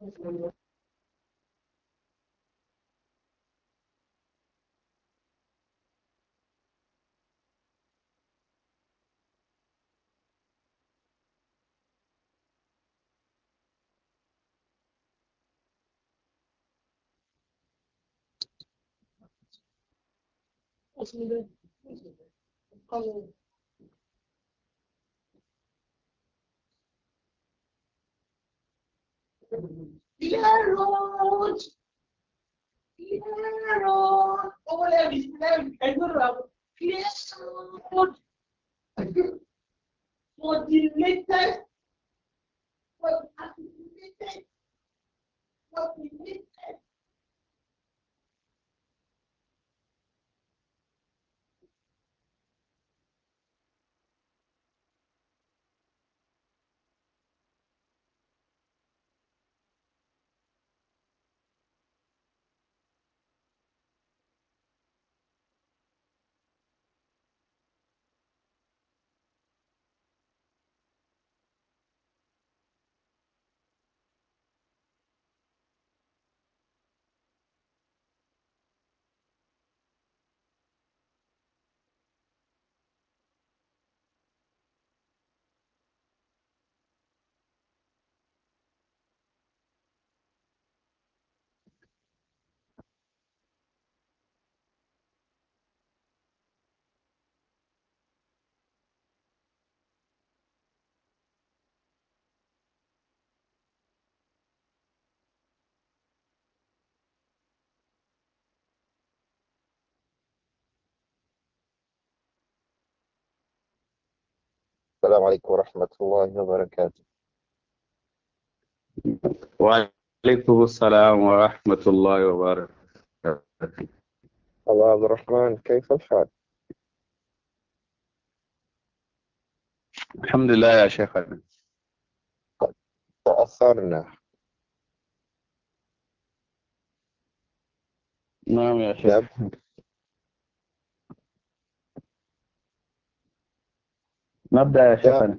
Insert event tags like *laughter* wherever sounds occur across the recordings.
Aslında anladım. Yarod. Yarod. Oh, let me, let me, I don't know. Yarod. For the latest, for the latest, for the latest. السلام عليكم ورحمة الله وبركاته وعليكم السلام ورحمة الله وبركاته الله عبد الرحمن كيف الحال؟ الحمد لله يا شيخ طيب، تأثرنا نعم يا شيخ نعم. نبدأ يا شيخنا نعم.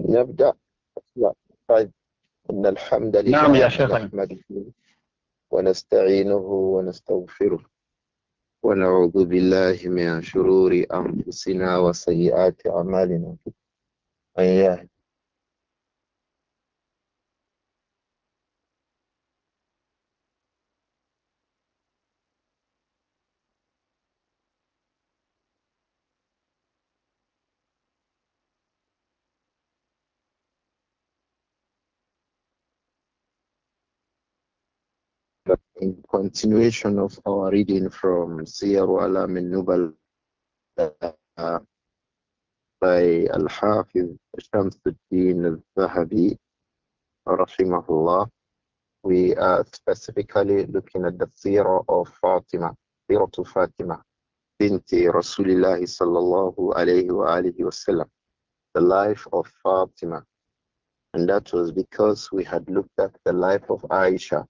نبدأ لا طيب إن الحمد لله نعم يا شيخنا ونستعينه ونستغفره ونعوذ بالله من شرور أنفسنا وسيئات أعمالنا من يهد continuation of our reading from Siyar Alam in Nubal by Al Hafiz Shamsuddin al Zahabi, Rahimahullah. We are specifically looking at the Sira of Fatima, Sira to Fatima, binti Rasulullah sallallahu alayhi wa wasallam, the life of Fatima. And that was because we had looked at the life of Aisha,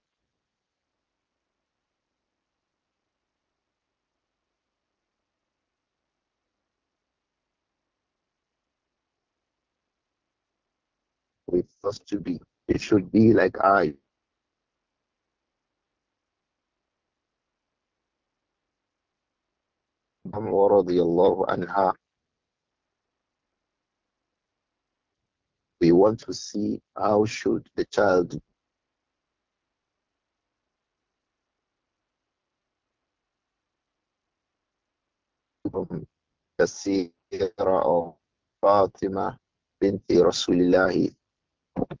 with us to be. It should be like I. رضي الله عنها we want to see how should the child the seerah of Fatima binti Rasulullah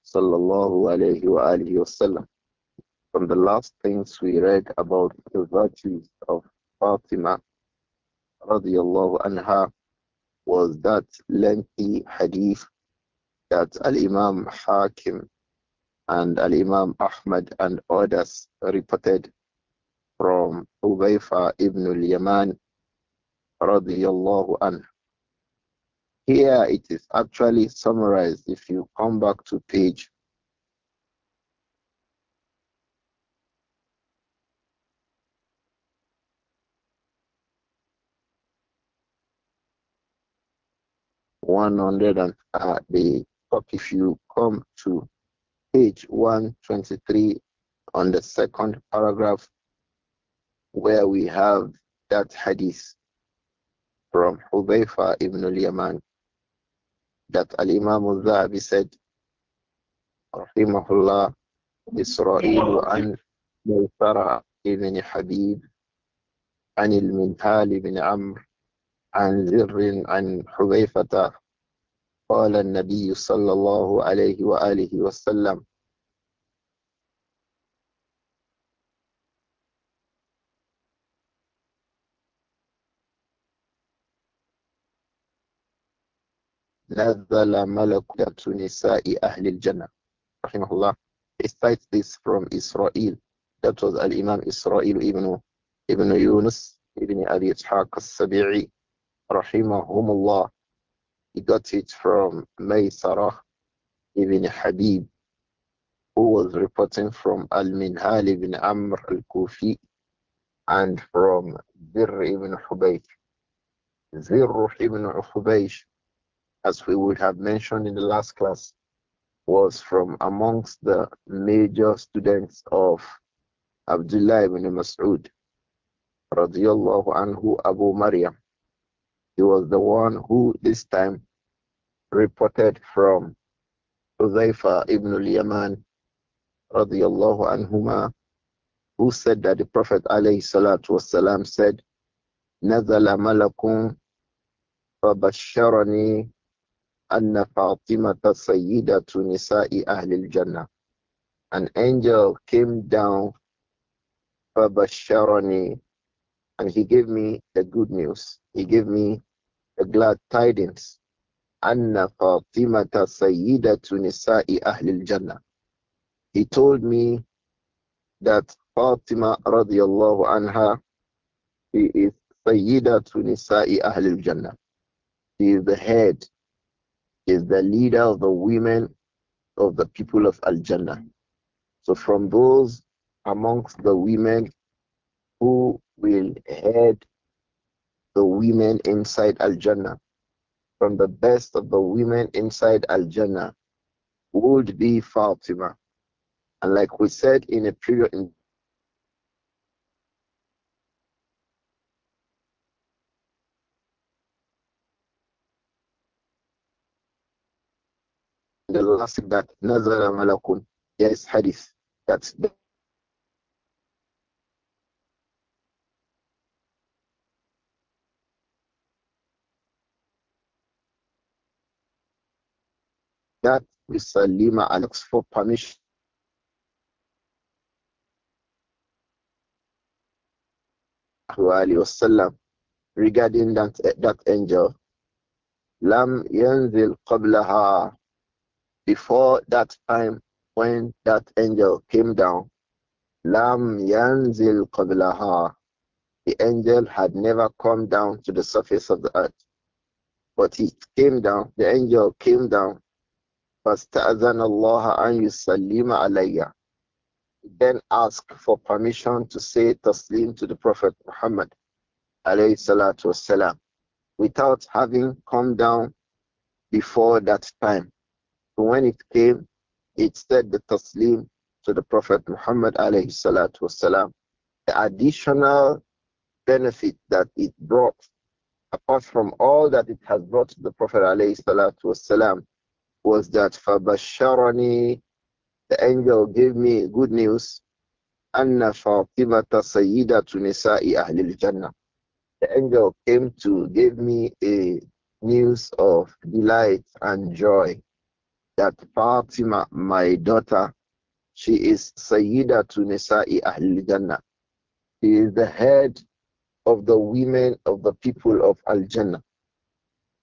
sallallahu alayhi wa alihi wasallam. From the last things we read about the virtues of Fatima radiallahu anha was that lengthy hadith that Al-Imam Hakim and Al-Imam Ahmad and others reported from Ubayfa ibn al-Yaman radiyallahu anhu here it is actually summarized if you come back to page one hundred and uh, the if you come to page one twenty three on the second paragraph where we have that hadith from Hudayfa ibn al-Yaman that Al Imam al Zahabi said, Rahimahullah, Israel an Mawtara ibn Habib, an al Minhal ibn Amr, an Zirr an Hubayfata, قال النبي صلى الله عليه وآله وسلم هذا لا ملك نساء أهل الجنة رحمه الله he cites this from Israel that الإمام إسرائيل ابن ابن يونس ابن أبي إسحاق السبيعي رحمهم الله he got it from ميسرة ابن حبيب who was reporting from المنهال بن عمر الكوفي and from بر ابن حبيش زر ابن حبيش as we would have mentioned in the last class, was from amongst the major students of Abdullah ibn Mas'ud, radiyallahu anhu, Abu Maryam. He was the one who this time reported from Uzaifa ibn al-Yaman, radiyallahu anhuma, who said that the Prophet alayhi salatu wasalam said, نزل ملك فبشرني أن فاطمة سيدة Tunisai Ahlul Jannah. An angel came down فبشرني and he gave me the good news. He gave me the glad tidings. أن فاطمة سيدة Tunisai Ahlul Jannah. He told me that Fatima radiallahu anha she is Sayyidat Tunisai Ahlul Jannah. She is the head is the leader of the women of the people of Al Jannah. So, from those amongst the women who will head the women inside Al Jannah, from the best of the women inside Al Jannah, would be Fatima. And like we said in a previous in the last that Nazara Malakun, there is hadith That's that that Mr. Lima asks for permission. regarding that that angel lam yanzil qablaha before that time when that angel came down, Lam Yanzil Qabilaha, the angel had never come down to the surface of the earth. But he came down, the angel came down. فَاسْتَأْذَنَ اللَّهَ أَنْ يُسَلِّمَ عَلَيَّ Then asked for permission to say taslim to the Prophet Muhammad alayhi wa salam, without having come down before that time when it came, it said the taslim to the Prophet Muhammad alayhi salatu wasalam. The additional benefit that it brought, apart from all that it has brought to the Prophet alayhi salatu wasalam, was that Fabasharani, the angel gave me good news, Anna Fatimata Sayyidatu Ahlil Jannah. The angel came to give me a news of delight and joy that Fatima, my daughter, she is Sayyida to Nisa'i Ahl Jannah. She is the head of the women of the people of Al Jannah.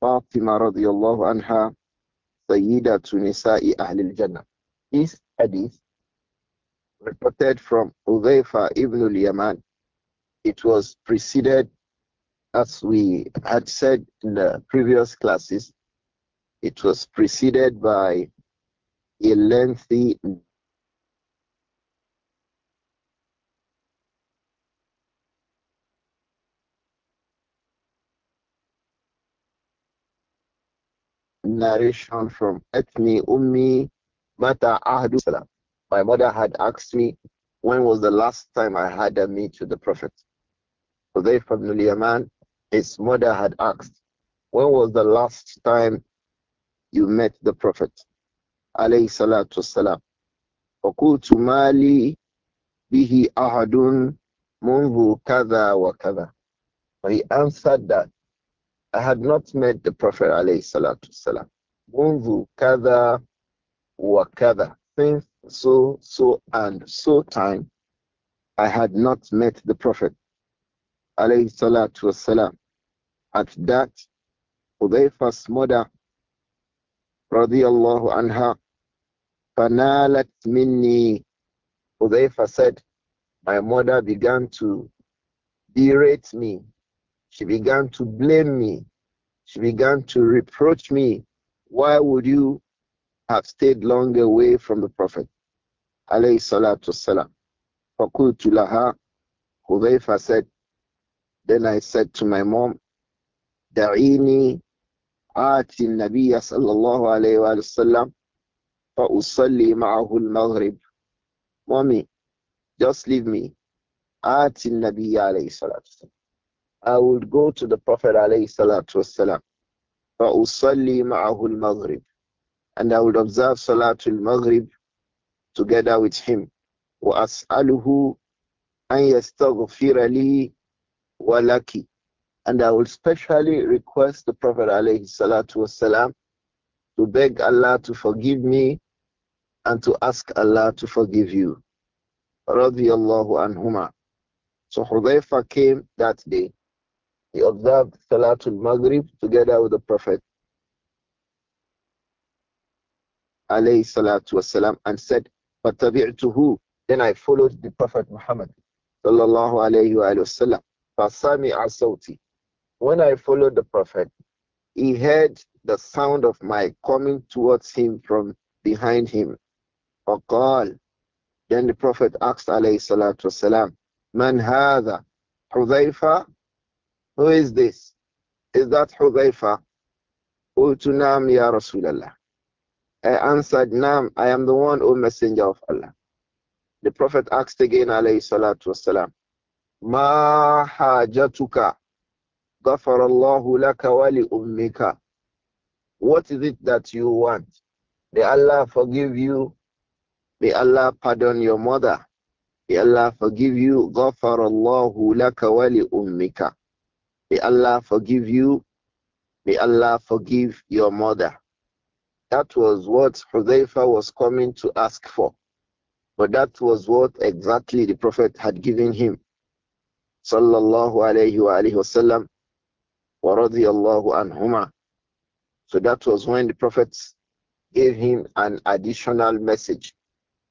Fatima radiallahu anha, Sayyida to Nisa'i Ahl Jannah. This hadith reported from Udhaifa ibn al Yaman. It was preceded, as we had said in the previous classes, it was preceded by a lengthy narration from Ethni Ummi Mata Ahdu Salam. My mother had asked me when was the last time I had a meet with the Prophet. Hudayf from Yaman, his mother had asked, when was the last time you met the Prophet. Alayhi salatu wasalam. وَقُلْتُ mali bihi ahadun مُنْذُ kada wa kada. he answered that, I had not met the Prophet alayhi salatu wasalam. مُنْذُ كَذَا وَكَذَا Since so, so, and so time, I had not met the Prophet alayhi salatu salam. At that, Hudayfa's mother رضي الله عنها فنالت مني said my mother began to berate me she began to blame me she began to reproach me why would you have stayed long away from the prophet alayhi salatu wassalam فقلت لها Hudayfa said then I said to my mom دعيني آت النبي صلى الله عليه وآله وسلم فأصلي معه المغرب Mommy, just leave me. آت النبي عليه الصلاة والسلام I will go to the Prophet عليه الصلاة والسلام فأصلي معه المغرب and I will observe Salatul Maghrib together with him. وأسأله أن يستغفر لي ولك and I will specially request the Prophet والسلام, to beg Allah to forgive me and to ask Allah to forgive you. Radiallahu anhuma. So Hudayfa came that day. He observed Salatul Maghrib together with the Prophet alayhi salatu wasalam, and said, فَتَبِعْتُهُ Then I followed the Prophet Muhammad sallallahu alayhi wa sallam. When I followed the Prophet, he heard the sound of my coming towards him from behind him. Faqal. Then the Prophet asked alayhi salatu wasalam, Man hadha? Hudhaifa? Who is this? Is that Hudhaifa? Ultunam ya Rasulallah. I answered, Nam, I am the one, O Messenger of Allah. The Prophet asked again, alayhi salatu wasalam, Ma hajatuka? غفر الله kawali ummika. What is it that you want? May Allah forgive you. May Allah pardon your mother. May Allah forgive you. غفر الله kawali ummika. May Allah forgive you. May Allah forgive your mother. That was what Hudayfa was coming to ask for. But that was what exactly the Prophet had given him. Sallallahu alayhi wa alayhi wasallam. ورضي الله عنهما so that was when the prophet gave him an additional message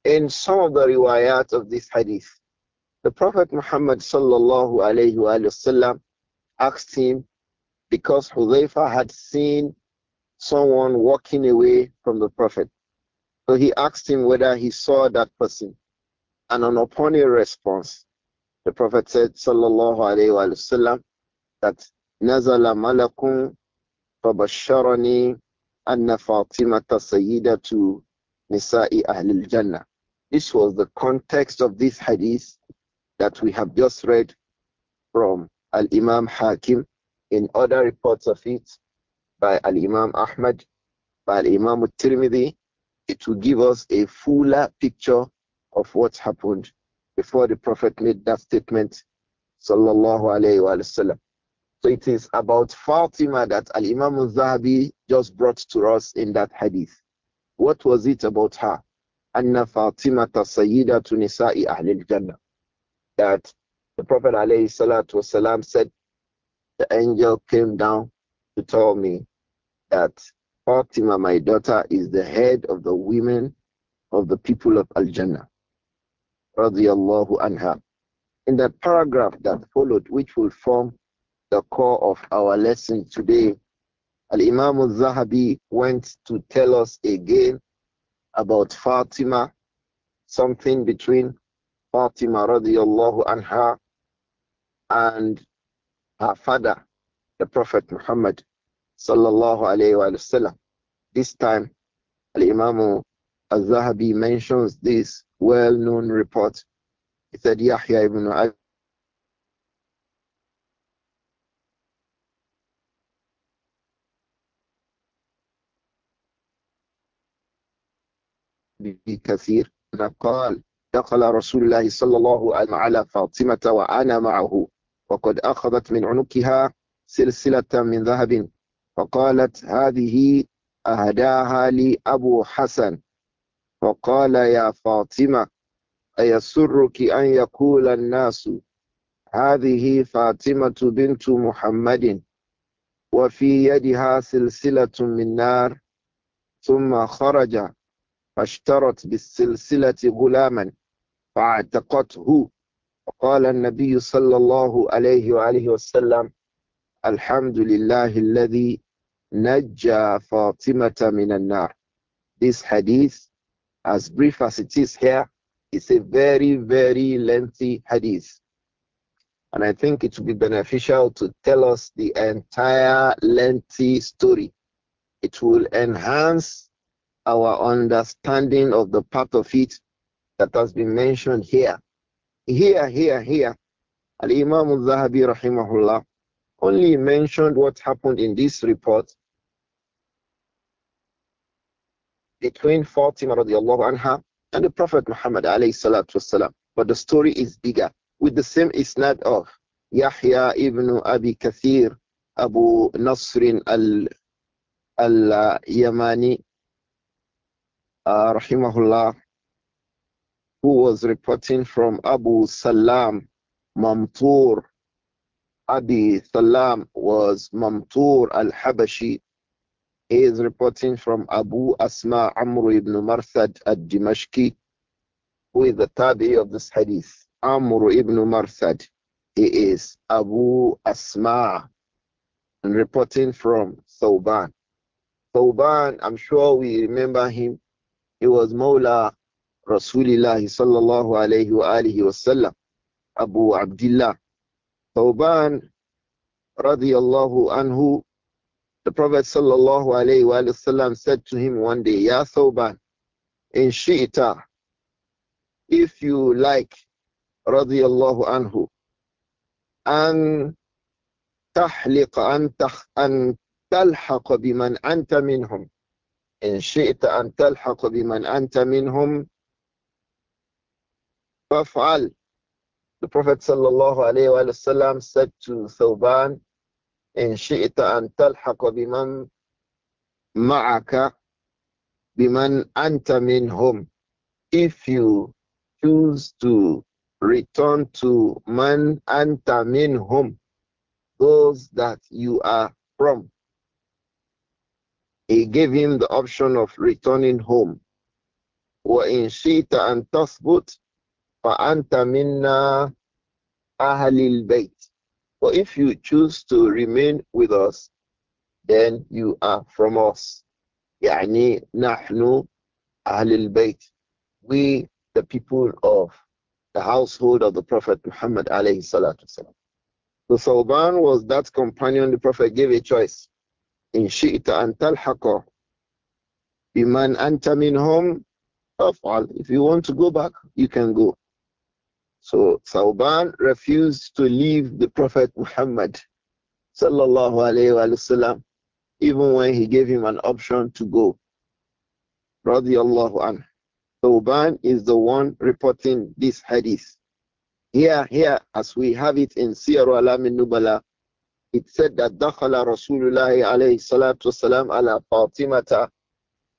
in some of the riwayat of this hadith the prophet muhammad sallallahu alaihi wasallam asked him because Hudhaifa had seen someone walking away from the prophet so he asked him whether he saw that person and on upon a response the prophet said sallallahu alaihi wasallam that نزل ملك فبشرني أن فاطمة سيدة نساء أهل الجنة This was the context of this hadith that we have just read from Al-Imam Hakim in other reports of it by Al-Imam Ahmad, by Al-Imam Tirmidhi. It will give us a fuller picture of what happened before the Prophet made that statement, sallallahu alayhi wa so it is about Fatima that Al Imam al Zahabi just brought to us in that hadith. What was it about her? Anna Fatima Sayyida Tunisa'i Ahlil Jannah. That the Prophet والسلام, said, The angel came down to tell me that Fatima, my daughter, is the head of the women of the people of Al Jannah. In that paragraph that followed, which will form the core of our lesson today. Al Imam al Zahabi went to tell us again about Fatima, something between Fatima radiallahu anha and her father, the Prophet Muhammad sallallahu alayhi wa sallam. This time, Al Imam al Zahabi mentions this well known report. He said, Yahya ibn Abi بكثير قال دخل رسول الله صلى الله عليه وسلم على فاطمة وأنا معه وقد أخذت من عنقها سلسلة من ذهب فقالت هذه أهداها لي أبو حسن فقال يا فاطمة أيسرك أن يقول الناس هذه فاطمة بنت محمد وفي يدها سلسلة من نار ثم خرج فاشترت بالسلسلة غلاما فاعتقته قال النبي صلى الله عليه وآله وسلم الحمد لله الذي نجى فاطمة من النار This hadith, as brief as it is here, is a very, very lengthy hadith. And I think it would be beneficial to tell us the entire lengthy story. It will enhance our understanding of the part of it that has been mentioned here. Here, here, here. Al Imam al Zahabi rahimahullah only mentioned what happened in this report between Fatima radiallahu anha and the Prophet Muhammad alayhi salatu wasalam. But the story is bigger with the same isnad of Yahya ibn Abi Kathir Abu Nasr al-Yamani uh, rahimahullah, who was reporting from Abu Salam Mamtur. Abi Salam was Mamtur al-Habashi. He is reporting from Abu Asma Amr ibn Marsad al-Dimashqi, Dimashki, is the tabi of this hadith. Amr ibn Marsad. He is Abu Asma and reporting from Sauban. Sauban, I'm sure we remember him it was Mawla Rasulullah sallallahu alayhi wa alihi wasallam, Abu Abdullah. Tawban radiyallahu anhu, the Prophet sallallahu alayhi wa sallam said to him one day, Ya Thawban, in Shi'ita, if you like, radiyallahu anhu, an تحلق أن تلحق بمن أنت منهم إن شئت أن تلحق بمن أنت منهم فافعل The Prophet sallallahu alayhi wa sallam said to Thawban, إن شئت أن تلحق بمن معك بمن أنت منهم If you choose to return to man anta minhum, those that you are from. He gave him the option of returning home. وَإِنْ شِئْتَ أَنْ تَثْبُتْ فَأَنْتَ مِنَّا أَهْلِ الْبَيْتِ But if you choose to remain with us, then you are from us. يعني نحن أهل البيت. We the people of the household of the Prophet Muhammad alayhi salatu wasalam. So Sauban was that companion the Prophet gave a choice. إن شئت أن تلحق بمن أنت منهم فافعل if you want to go back you can go so Thawban refused to leave the Prophet Muhammad sallallahu alayhi wa even when he gave him an option to go radiyallahu an. Thawban is the one reporting this hadith here here as we have it in Siyar al-Amin it said that دخل Rasulullah alayhi عليه wasalam ala Fatimata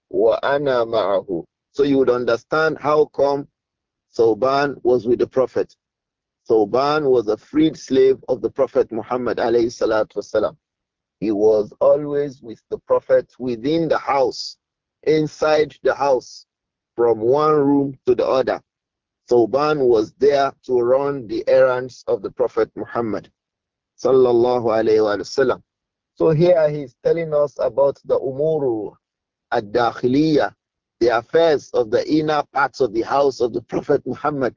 wa ana ma'ahu. So you would understand how come Thoban was with the Prophet. Thoban was a freed slave of the Prophet Muhammad alayhi salatu wasalam. He was always with the Prophet within the house, inside the house, from one room to the other. Thoban was there to run the errands of the Prophet Muhammad Sallallahu alayhi Wa so here he's telling us about the umuru ad-dakhiliyah, the affairs of the inner parts of the house of the Prophet Muhammad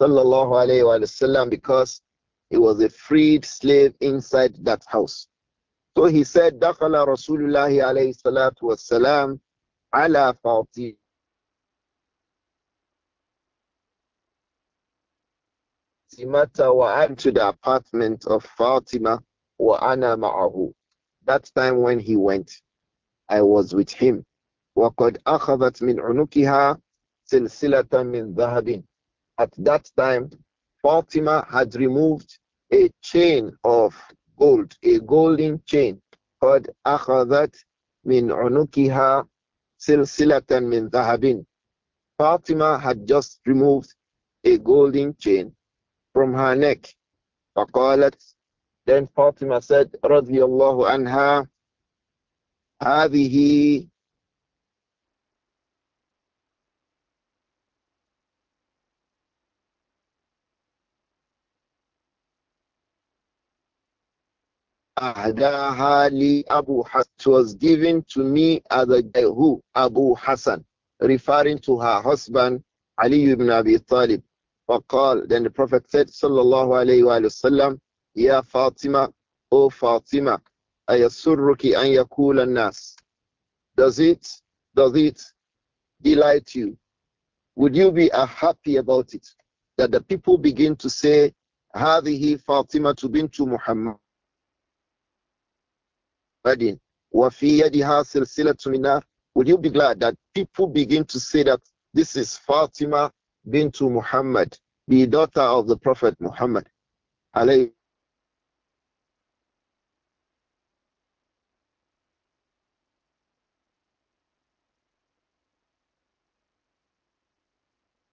sallallahu alayhi wasallam wa because he was a freed slave inside that house. So he said, دخل رسول الله عليه الصلاة والسلام على فاطمة Fatimata wa to the apartment of Fatima wa ana ma'ahu. That time when he went, I was with him. Wa qad akhadhat min unukiha silsilatan min dhahabin. At that time, Fatima had removed a chain of gold, a golden chain. Qad akhadhat min unukiha silsilatan min dhahabin. Fatima had just removed a golden chain from her neck. فقالت Then Fatima said, رضي الله عنها, هذه Abu was given to me as a who Abu Hassan, referring to her husband Ali ibn Abi Talib then the Prophet said, Sallallahu alayhi Wasallam, sallam, Ya Fatima, O Fatima, ayasurruki an yakula nas. Does it, does it delight you? Would you be happy about it? That the people begin to say, هذه فاطمة بنت محمد وفي يدها سلسلة من Would you be glad that people begin to say that this is Fatima bint Muhammad, the daughter of the Prophet Muhammad. Alayhi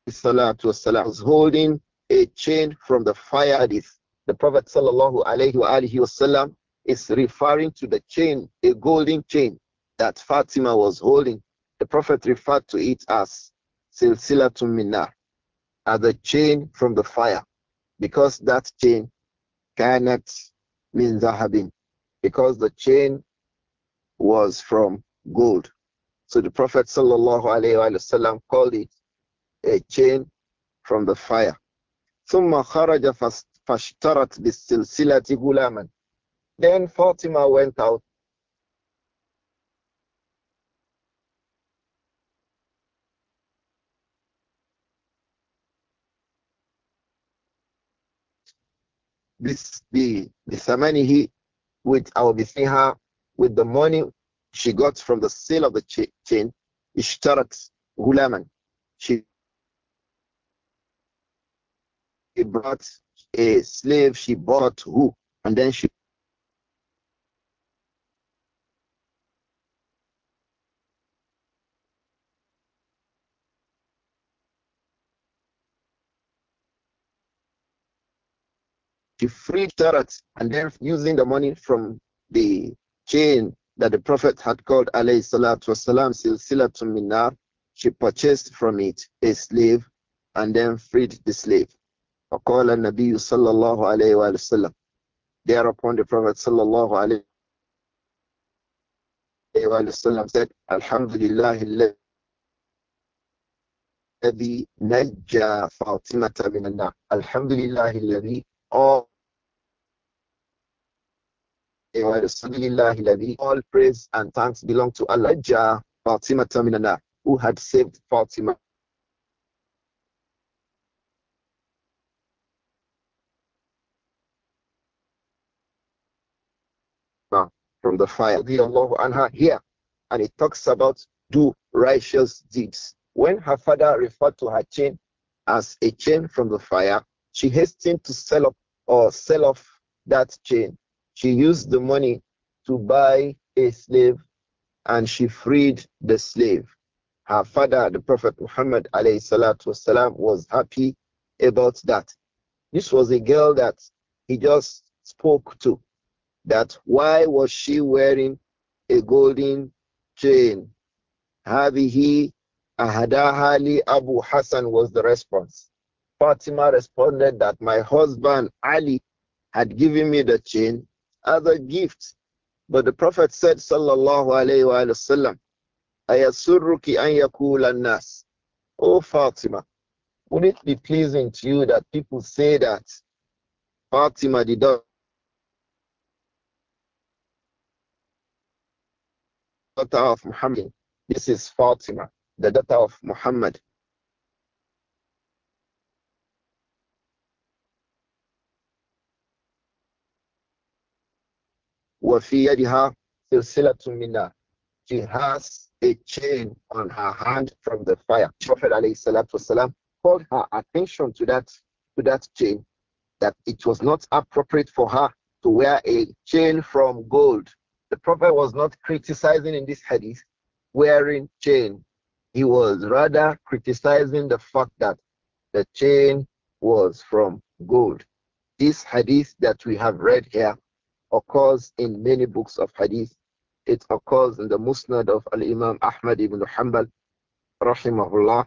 salatu was holding a chain from the fire hadith. The Prophet sallallahu alayhi wa wasallam is referring to the chain, a golden chain that Fatima was holding. The Prophet referred to it as silsilatum minar, as a chain from the fire, because that chain cannot min zahabin, because the chain was from gold. So the Prophet sallallahu wasallam called it a chain from the fire. Then Fatima went out this the بثمنه with our بثمنها with the money she got from the sale of the chain اشترت غلاما she brought a slave she bought who and then she She freed Tarak, and then using the money from the chain that the Prophet had called alayhi salatu wasalam silsilatun minar, she purchased from it a slave and then freed the slave. فقال النبي صلى الله عليه وسلم Thereupon the Prophet صلى الله عليه وسلم said الحمد لله الذي نجى فاطمة من النار الحمد لله الذي all all praise and thanks belong to Allah Fatima Taminana, who had saved Fatima. From the fire, her here, and it talks about do righteous deeds. When her father referred to her chain as a chain from the fire, she hastened to sell up or sell off that chain. She used the money to buy a slave and she freed the slave. Her father, the Prophet Muhammad والسلام, was happy about that. This was a girl that he just spoke to. That why was she wearing a golden chain? Habihi Ahadaha Abu Hassan was the response. Fatima responded that my husband Ali had given me the chain as a gift. But the Prophet said, Sallallahu Alaihi Wasallam, Ayasurruki an yakul nas. Oh Fatima, would it be pleasing to you that people say that Fatima did not daughter of Muhammad. This is Fatima, the daughter of Muhammad. وفي يدها سلسلة من She has a chain on her hand from the fire. Prophet والسلام, called her attention to that to that chain, that it was not appropriate for her to wear a chain from gold. The Prophet was not criticizing in this hadith wearing chain. He was rather criticizing the fact that the chain was from gold. This hadith that we have read here occurs in many books of hadith. It occurs in the Musnad of Al Imam Ahmad ibn Hanbal, rahimahullah.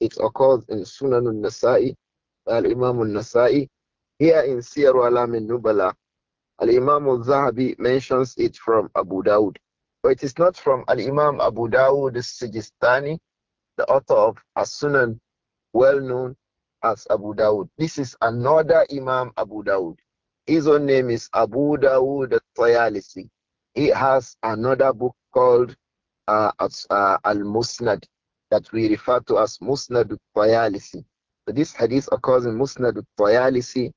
It occurs in Sunan al Nasa'i, Al Imam al Nasa'i. Here in Siyar al Nubala, Al Imam al Zahabi mentions it from Abu Dawud. But it is not from Al Imam Abu Dawud al Sijistani, the author of As Sunan, well known as Abu Dawud. This is another Imam Abu Dawud. His own name is Abu Dawood Tayalisi. He has another book called uh, uh, Al Musnad that we refer to as Musnad Tayalisi. So this hadith occurs in Musnad Tayalisi.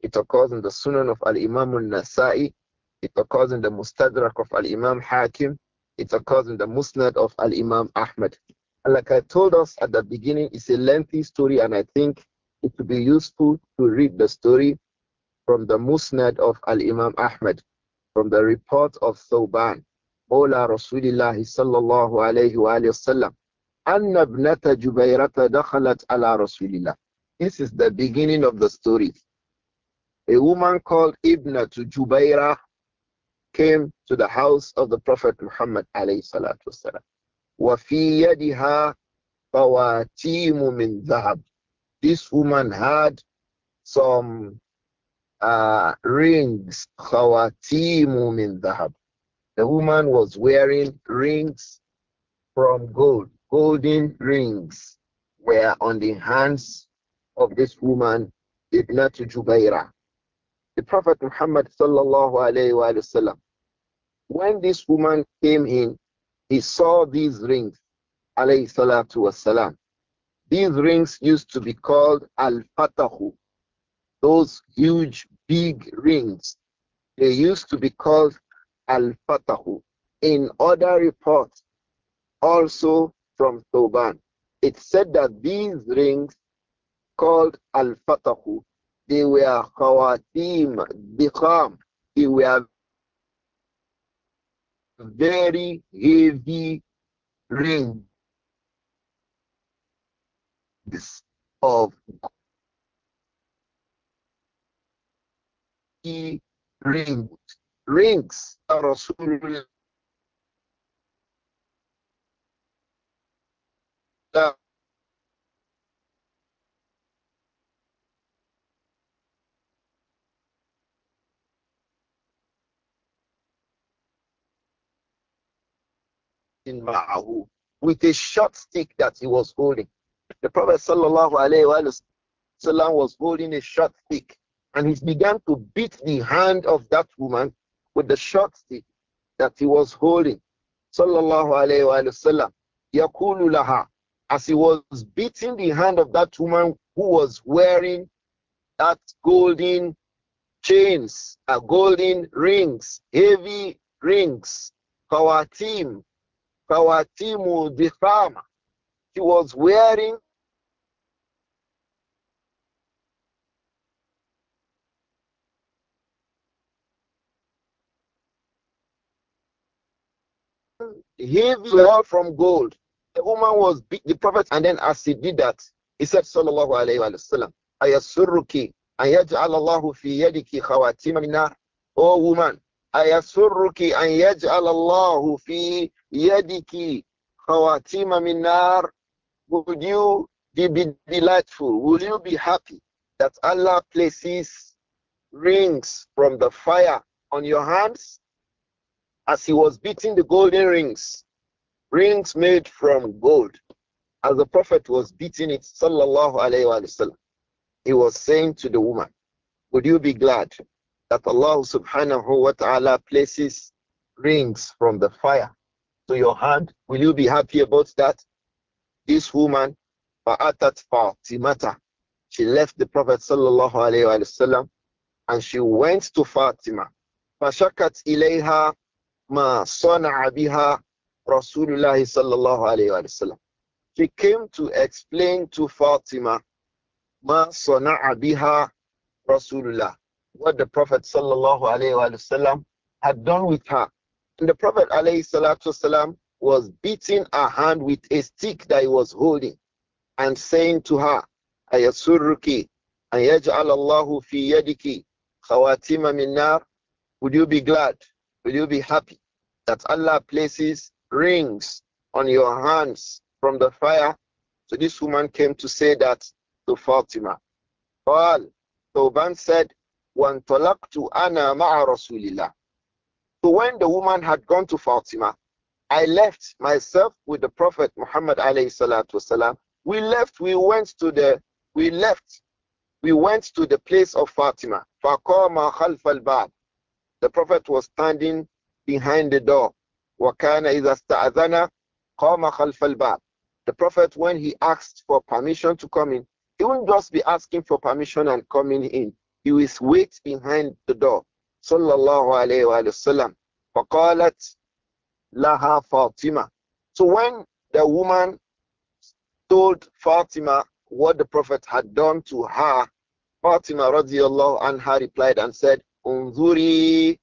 It occurs in the Sunan of Al Imam Al Nasa'i. It occurs in the Mustadrak of Al Imam Hakim. It occurs in the Musnad of Al Imam Ahmad. And like I told us at the beginning, it's a lengthy story, and I think it would be useful to read the story from the Musnad of Al Imam Ahmad, from the report of Thoban, Mawla Rasulillah sallallahu alayhi wa sallam, Anna ابنة جبيرة دخلت ala Rasulillah. This is the beginning of the story. A woman called Ibna to Jubairah came to the house of the Prophet Muhammad alayhi salatu wasalam. وفي يدها فواتيم من ذهب. This woman had some Rings, uh, rings, khawatimu min dhahab. The woman was wearing rings from gold. Golden rings were on the hands of this woman, Ibn Jubaira. The Prophet Muhammad sallallahu when this woman came in, he saw these rings, These rings used to be called al-fatahu, those huge, big rings. They used to be called Al-Fatahu. In other reports, also from Toban, it said that these rings called Al-Fatahu, they were Khawatim, Dikham. They were very heavy rings of he rings, Rings Rasulullah with a short stick that he was holding. The Prophet sallallahu alaihi wasallam was holding a short stick. And he began to beat the hand of that woman with the short stick that he was holding. Sallallahu alaihi laha. As he was beating the hand of that woman who was wearing that golden chains, uh, golden rings, heavy rings, kawatim, kawatimu difama. She was wearing Heavy withheld from gold. The woman was beat the prophet, and then as he did that, he said, Sallallahu alayhi wasallam." sallam, Ayasurruki, ayaj'al Allahu fi yadiki khawatima minar. Oh woman, Ayasurruki, ayaj'al fi yadiki khawatima minar. Would you be delightful? Will you be happy that Allah places rings from the fire on your hands? as he was beating the golden rings, rings made from gold, as the Prophet was beating it, sallallahu alayhi wa sallam, he was saying to the woman, Would you be glad that Allah subhanahu wa ta'ala places rings from the fire to your hand? Will you be happy about that? This woman, Fa'atat Fatimata, she left the Prophet sallallahu alayhi wa sallam and she went to Fatima. Fashakat ilayha ma صنع بها رسول الله صلى الله عليه وسلم she came to explain to Fatima ma صنع بها رسول الله what the Prophet sallallahu had done with her. And the Prophet alayhi was beating her hand with a stick that he was holding and saying to her, Ayasurruki, Ayaj'al fi yadiki, khawatima min nar. Would you be glad Will you be happy that Allah places rings on your hands from the fire? So this woman came to say that to Fatima. So when said, وَانْطَلَقْتُ أَنَا مَعَ رَسُولِ اللَّهِ So when the woman had gone to Fatima, I left myself with the Prophet Muhammad alayhi We left, we went to the, we left, we went to the place of Fatima. The Prophet was standing behind the door. The Prophet, when he asked for permission to come in, he won't just be asking for permission and coming in. He will wait behind the door. Sallallahu alayhi So when the woman told Fatima what the Prophet had done to her, Fatima radiallahu anha replied and said, Unzuri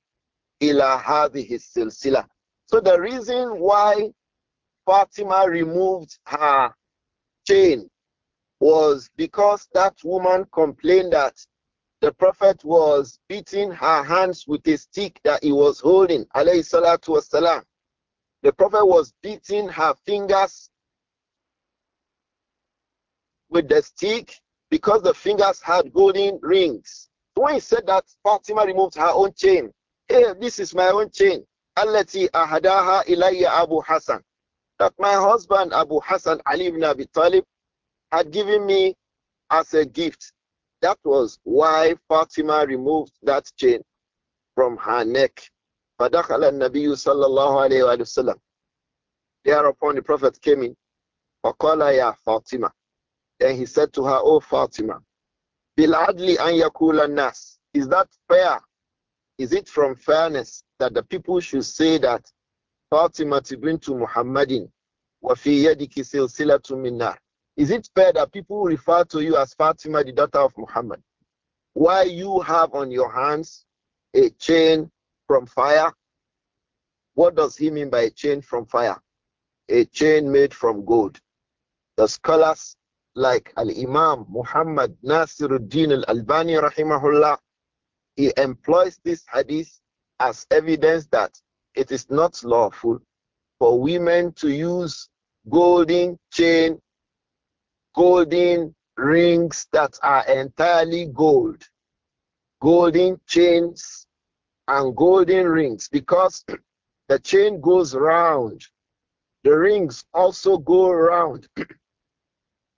ila hadhihi silsila. So the reason why Fatima removed her chain was because that woman complained that the Prophet was beating her hands with a stick that he was holding. Alayhi salatu wasalam. The Prophet was beating her fingers with the stick because the fingers had golden rings. When he said that Fatima removed her own chain, hey, this is my own chain. Allati ahadaha ilayya Abu Hassan. That my husband Abu Hassan Ali ibn Abi Talib had given me as a gift. That was why Fatima removed that chain from her neck. فدخل النبي Thereupon the Prophet came in. فقال ya Fatima," Then he said to her, O oh, Fatima, Fil an yakula nas. Is that fair? Is it from fairness that the people should say that Fatima to Muhammadin wa fi yadiki silsilatu minnar? Is it fair that people refer to you as Fatima, the daughter of Muhammad? Why you have on your hands a chain from fire? What does he mean by a chain from fire? A chain made from gold. The scholars like Al Imam Muhammad Nasiruddin Al Albani, rahimahullah, he employs this hadith as evidence that it is not lawful for women to use golden chain, golden rings that are entirely gold, golden chains, and golden rings because *clears throat* the chain goes round. The rings also go round. *clears throat*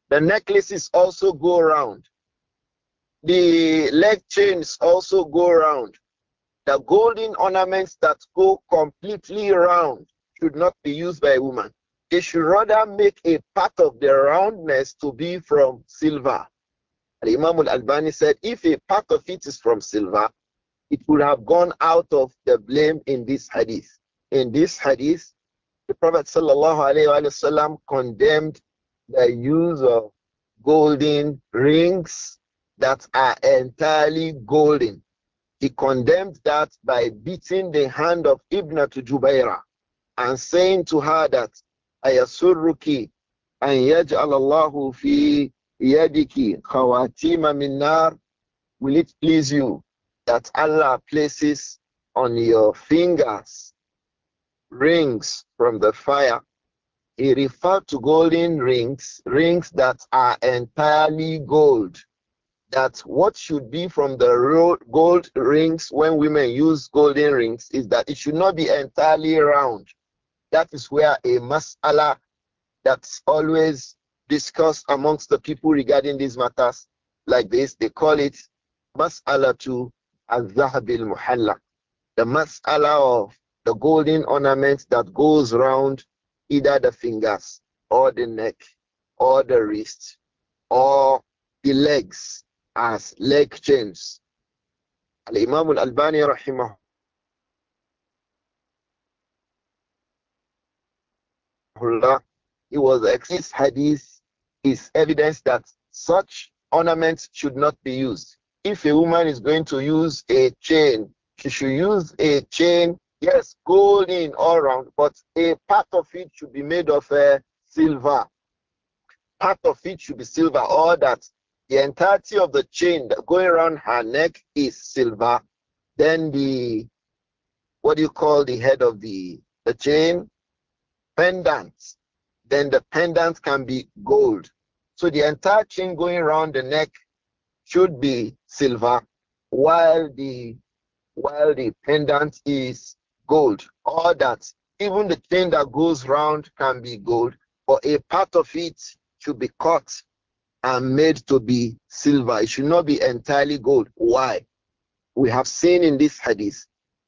The necklaces also go around. The leg chains also go around. The golden ornaments that go completely round should not be used by a woman. They should rather make a part of the roundness to be from silver. And Imam al Albani said, if a part of it is from silver, it would have gone out of the blame in this hadith. In this hadith, the Prophet ﷺ condemned the use of golden rings that are entirely golden. He condemned that by beating the hand of Ibn to and saying to her that ayasurruki an yaj'al Allahu fi yadiki khawatima min will it please you that Allah places on your fingers rings from the fire he referred to golden rings, rings that are entirely gold. That what should be from the gold rings when women use golden rings is that it should not be entirely round. That is where a mas'ala that's always discussed amongst the people regarding these matters like this, they call it mas'ala to al-zahabil muhalla. The mas'ala of the golden ornament that goes round either the fingers or the neck or the wrist or the legs as leg chains. Al Imam Al Albani rahimahullah it was this hadith is evidence that such ornaments should not be used. If a woman is going to use a chain, she should use a chain Yes, gold in all round, but a part of it should be made of uh, silver. Part of it should be silver, or that the entirety of the chain that going around her neck is silver. Then the what do you call the head of the the chain pendant? Then the pendant can be gold. So the entire chain going around the neck should be silver, while the while the pendant is gold. All that, even the thing that goes round can be gold, but a part of it should be cut and made to be silver. It should not be entirely gold. Why? We have seen in this hadith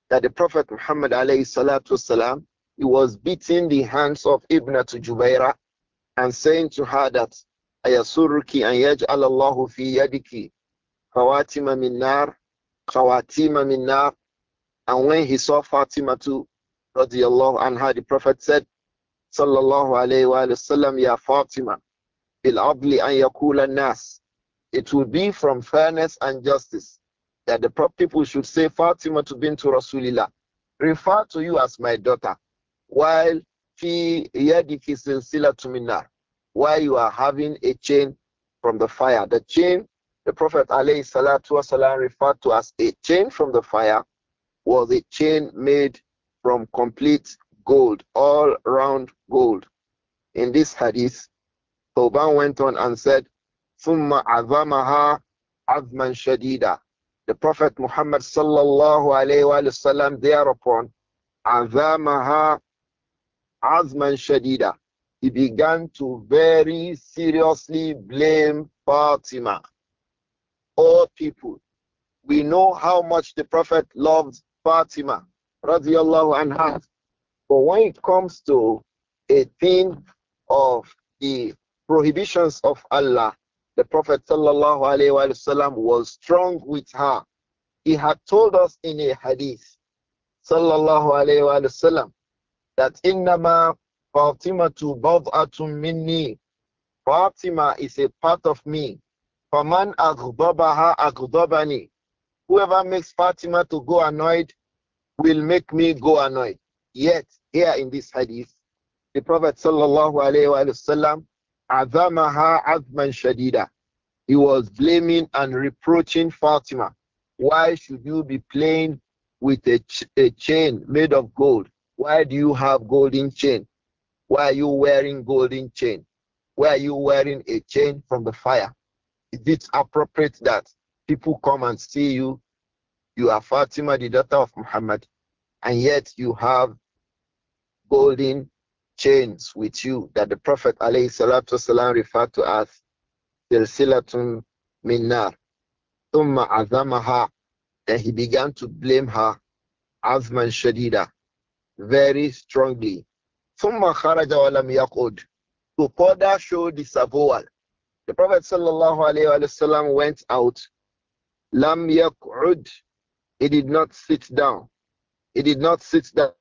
that the Prophet Muhammad والسلام, he was beating the hands of Ibn Jubairah and saying to her that أيسرك and Yaj الله fi yadiki. Kawatima من نار خواتيم and when he saw Fatima too, and how the Prophet said, sallallahu alayhi wa sallam, Ya Fatima, bil adli an yakula nas. It will be from fairness and justice that the people should say Fatima to bint Rasulillah, refer to you as my daughter, while fi yadiki silsila to minar, while you are having a chain from the fire. The chain the Prophet alayhi salatu wasalam referred to as a chain from the fire was a chain made from complete gold, all round gold. In this hadith, Thoban went on and said, ثُمَّ عَظَمَهَا azman shadida." The Prophet Muhammad sallallahu alayhi wa sallam thereupon, عَظَمَهَا azman shadida. He began to very seriously blame Fatima. All people, we know how much the Prophet loved Fatima radiallahu anha. But when it comes to a thing of the prohibitions of Allah, the Prophet sallallahu alaihi wasallam was strong with her. He had told us in a hadith, sallallahu alaihi wasallam, that innama Fatima tu bad'atun minni. Fatima is a part of me. Faman aghdabaha aghdabani. Whoever makes Fatima to go annoyed will make me go annoyed. Yet, here in this hadith, the Prophet sallallahu alayhi wa sallam, Azman Shadida. He was blaming and reproaching Fatima. Why should you be playing with a, ch a chain made of gold? Why do you have golden chain? Why are you wearing golden chain? Why are you wearing a chain from the fire? Is it appropriate that People come and see you. You are Fatima, the daughter of Muhammad, and yet you have golden chains with you that the Prophet والسلام, referred to as silsilatun minnar. minar. Then he began to blame her, azman shadida, very strongly. Thumma kharaja walam yaqud. To further show disavowal, the Prophet sallallahu alaihi wasallam went out Lam yakud. He did not sit down. He did not sit down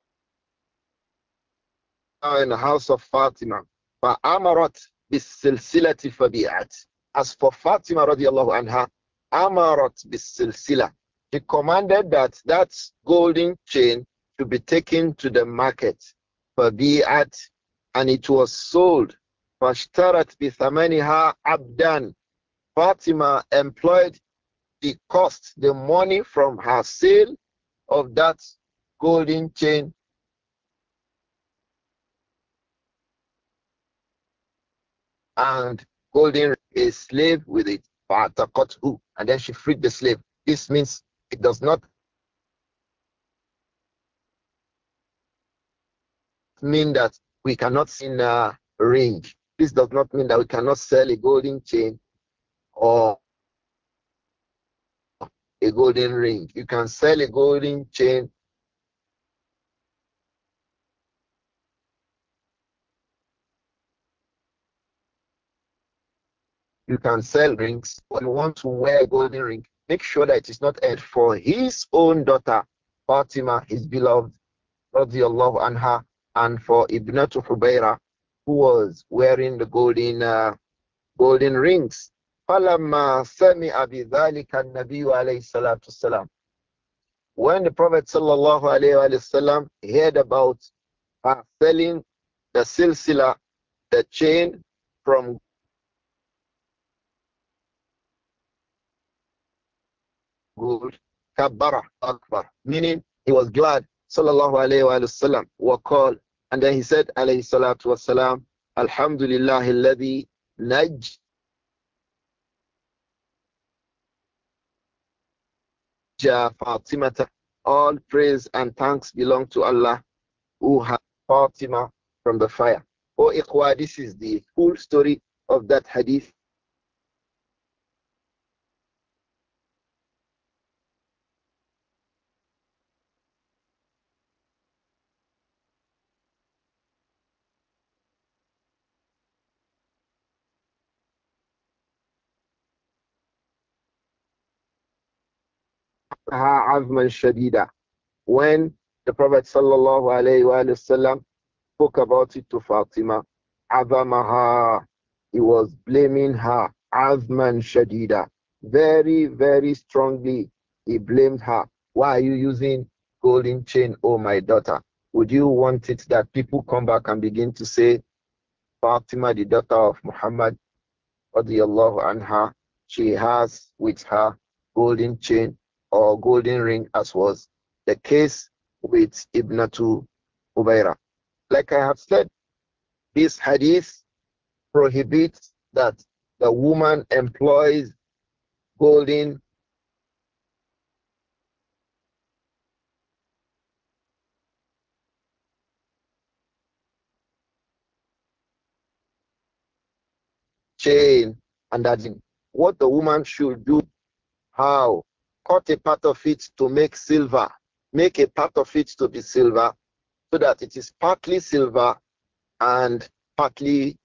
in the house of Fatima. فأمرت بالسلسلة فبيعت. As for Fatima radiallahu anha, أمرت بالسلسلة. He commanded that that golden chain to be taken to the market. فبيعت and it was sold. فاشترت بثمنها abdan. Fatima employed the cost, the money from her sale of that golden chain. And holding a slave with it, who, and then she freed the slave. This means it does not mean that we cannot sin a ring. This does not mean that we cannot sell a golden chain or a golden ring. You can sell a golden chain you can sell rings, but you want to wear a golden ring, make sure that it is not for his own daughter, Fatima, his beloved, your love and her, and for Ibn Hubayra, who was wearing the golden uh, golden rings. فَلَمَّا سَمِعَ بِذَلِكَ النَّبِيُّ عَلَيْهِ الصَّلَاةُ وَالسَّلَامُ When the Prophet sallallahu alayhi wasallam heard about her selling the silsila, the chain from gold, kabbara akbar, meaning he was glad, sallallahu alayhi wasallam, wa called, and then he said alayhi salatu wasalam, alhamdulillah alladhi Fatimata. All praise and thanks belong to Allah who has Fatima from the fire. Oh, Ikhwa, this is the full story of that hadith azman shadida. When the Prophet sallallahu alayhi wasallam spoke about it to Fatima, azamaha, he was blaming her, azman shadida. Very, very strongly, he blamed her. Why are you using golden chain, oh my daughter? Would you want it that people come back and begin to say, Fatima, the daughter of Muhammad, and anha, she has with her golden chain or golden ring, as was the case with Ibnatu Ubaira. Like I have said, this hadith prohibits that the woman employs golden chain and that what the woman should do, how cut a part of it to make silver, make a part of it to be silver, so that it is partly silver and partly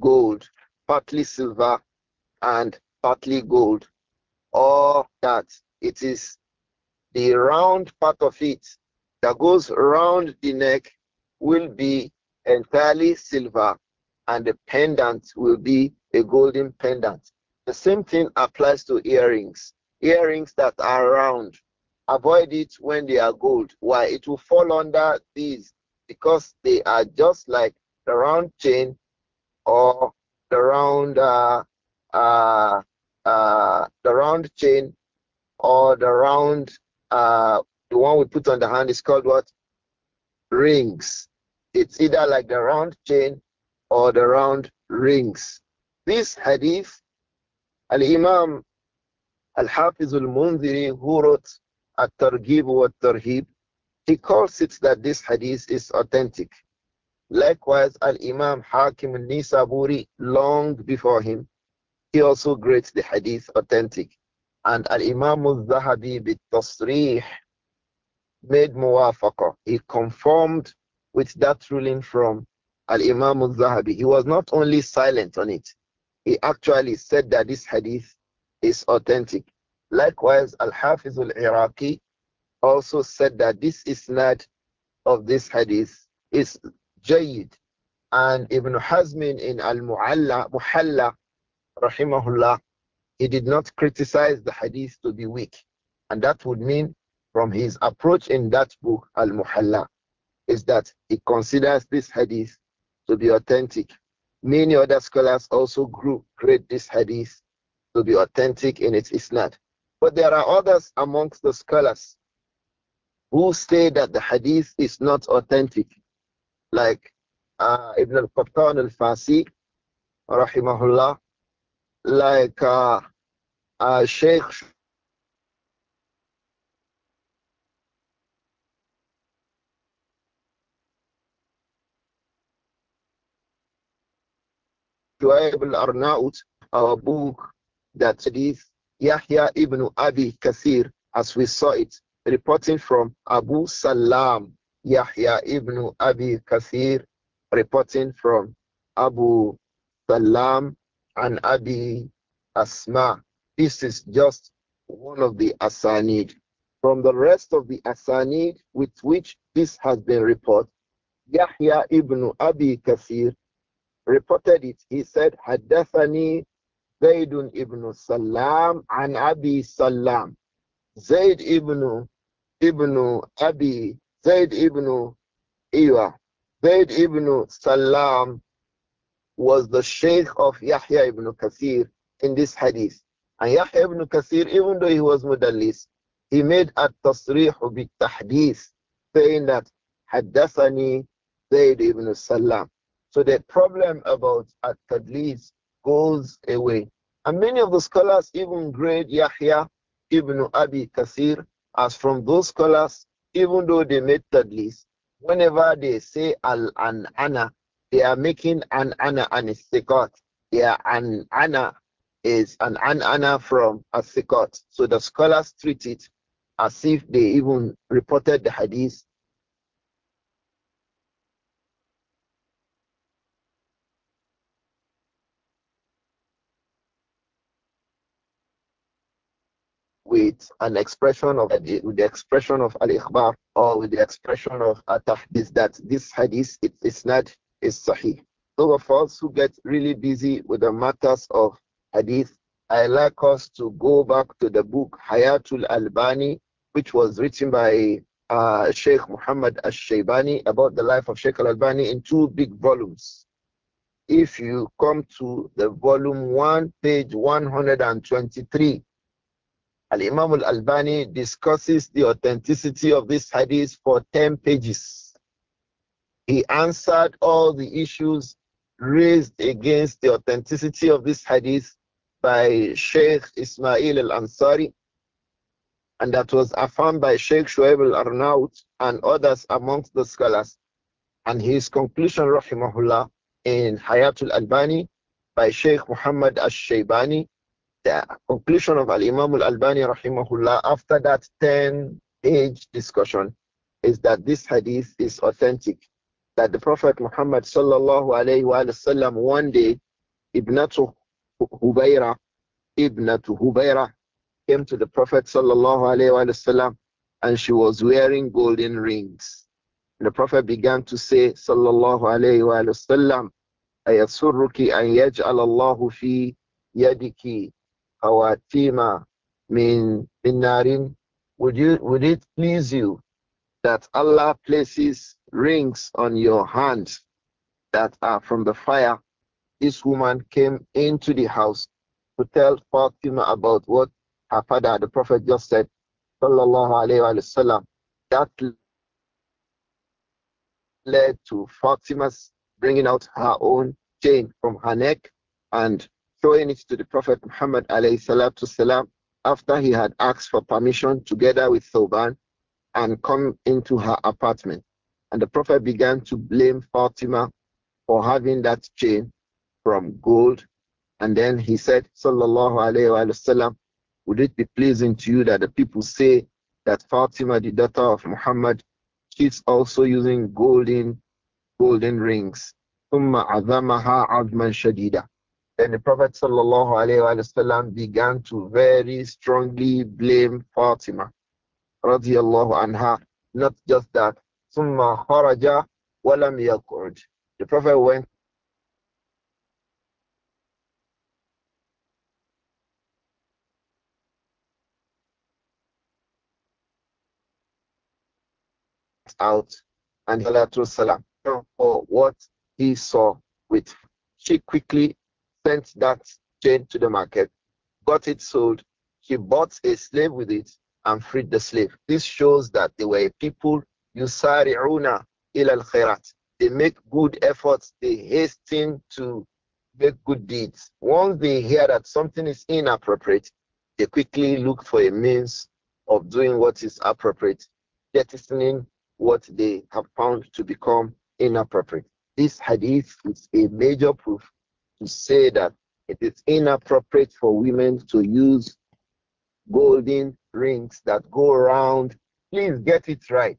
gold, partly silver and partly gold, or that it is the round part of it that goes round the neck will be entirely silver and the pendant will be a golden pendant. The same thing applies to earrings earrings that are round. Avoid it when they are gold. Why? It will fall under these because they are just like the round chain or the round uh, uh, uh, the round chain or the round uh, the one we put on the hand is called what rings. It's either like the round chain or the round rings. This hadith, Al Imam Al-Hafiz al-Munziri, who wrote At-Targhib wa Tarhib, he calls it that this hadith is authentic. Likewise, Al-Imam Hakim al-Nisaburi, long before him, he also grades the hadith authentic. And Al-Imam al-Zahabi bit-Tasrih made muwafaqa. He conformed with that ruling from Al-Imam al-Zahabi. He was not only silent on it, he actually said that this hadith is authentic. Likewise, Al-Hafiz al-Iraqi also said that this is not of this hadith is jayid. And Ibn Hazmin in Al-Mu'alla, Muhalla, rahimahullah, he did not criticize the hadith to be weak. And that would mean from his approach in that book, Al-Muhalla, is that he considers this hadith to be authentic. Many other scholars also group grade this hadith to be authentic in its isnad. But there are others amongst the scholars who say that the hadith is not authentic, like uh, Ibn al-Qattan al-Fasi, rahimahullah, like uh, uh, Sheikh Shuaib al-Arnaut, our book that this Yahya ibn Abi Kasir, as we saw it, reporting from Abu Salam, Yahya ibn Abi Kasir, reporting from Abu Salam and Abi Asma. This is just one of the Asanid. From the rest of the Asanid with which this has been reported, Yahya ibn Abi Kasir reported it. He said, Haddathani زيد ابن سلام عن أبي سلام زيد ابن ابن أبي زيد ابن إيوة Zayd ibn Salam was the sheikh of Yahya ibn Kathir in this hadith. And Yahya ibn Kathir, even though he was mudallis, he made a tasrih bi tahdith, saying that haddathani Zayd ibn Salam. So the problem about at-tadlis goes away. And many of the scholars even grade Yahya ibn Abi Kasir as from those scholars, even though they made tadlis, whenever they say al an ana, they are making an ana an istiqat. They are an ana is an an ana from a sikot. So the scholars treat it as if they even reported the hadith with an expression of with the expression of al ikhbar or with the expression of at-tahdith that this hadith it is not is sahih. Those of us who get really busy with the matters of hadith, I like us to go back to the book Hayatul Albani, which was written by uh, Sheikh Muhammad Ash-Shaybani about the life of Sheikh Al-Albani in two big volumes. If you come to the volume 1, page 123, Al Imam Al Albani discusses the authenticity of this hadith for 10 pages. He answered all the issues raised against the authenticity of this hadith by Sheikh Ismail Al Ansari, and that was affirmed by Sheikh Shuaib Al Arnaut and others amongst the scholars. And his conclusion, Rahimahullah, in Hayatul Albani by Sheikh Muhammad Al Shaybani the conclusion of Al Imam Al Albani rahimahullah after that 10 age discussion is that this hadith is authentic. That the Prophet Muhammad sallallahu alayhi wa sallam one day, Ibnatu Hubayra, Ibnatu Hubayra came to the Prophet sallallahu alayhi wa sallam and she was wearing golden rings. And the Prophet began to say sallallahu alayhi wa sallam, أيسرك an yaj'al الله fi يدك our fima min minarin, would you would it please you that Allah places rings on your hands that are from the fire? This woman came into the house to tell Fatima about what her father, the Prophet, just said, Sallallahu Alaihi Wasallam. That led to Fatima's bringing out her own chain from her neck and showing it to the Prophet Muhammad والسلام, after he had asked for permission together with Thoban and come into her apartment. And the Prophet began to blame Fatima for having that chain from gold. And then he said, Sallallahu Alaihi Wasallam, would it be pleasing to you that the people say that Fatima, the daughter of Muhammad, she's also using golden golden rings? ثم عظمها عظما شديدا then the Prophet وسلم, began to very strongly blame Fatima anha. Not just that. Summa kharaja walam yakurj. The Prophet went out and salam for what he saw with. She quickly sent that chain to the market, got it sold. He bought a slave with it and freed the slave. This shows that they were people yusari'una ila al-khairat. They make good efforts. They hasten to make good deeds. Once they hear that something is inappropriate, they quickly look for a means of doing what is appropriate, jettisoning what they have found to become inappropriate. This hadith is a major proof to say that it is inappropriate for women to use golden rings that go around. Please get it right.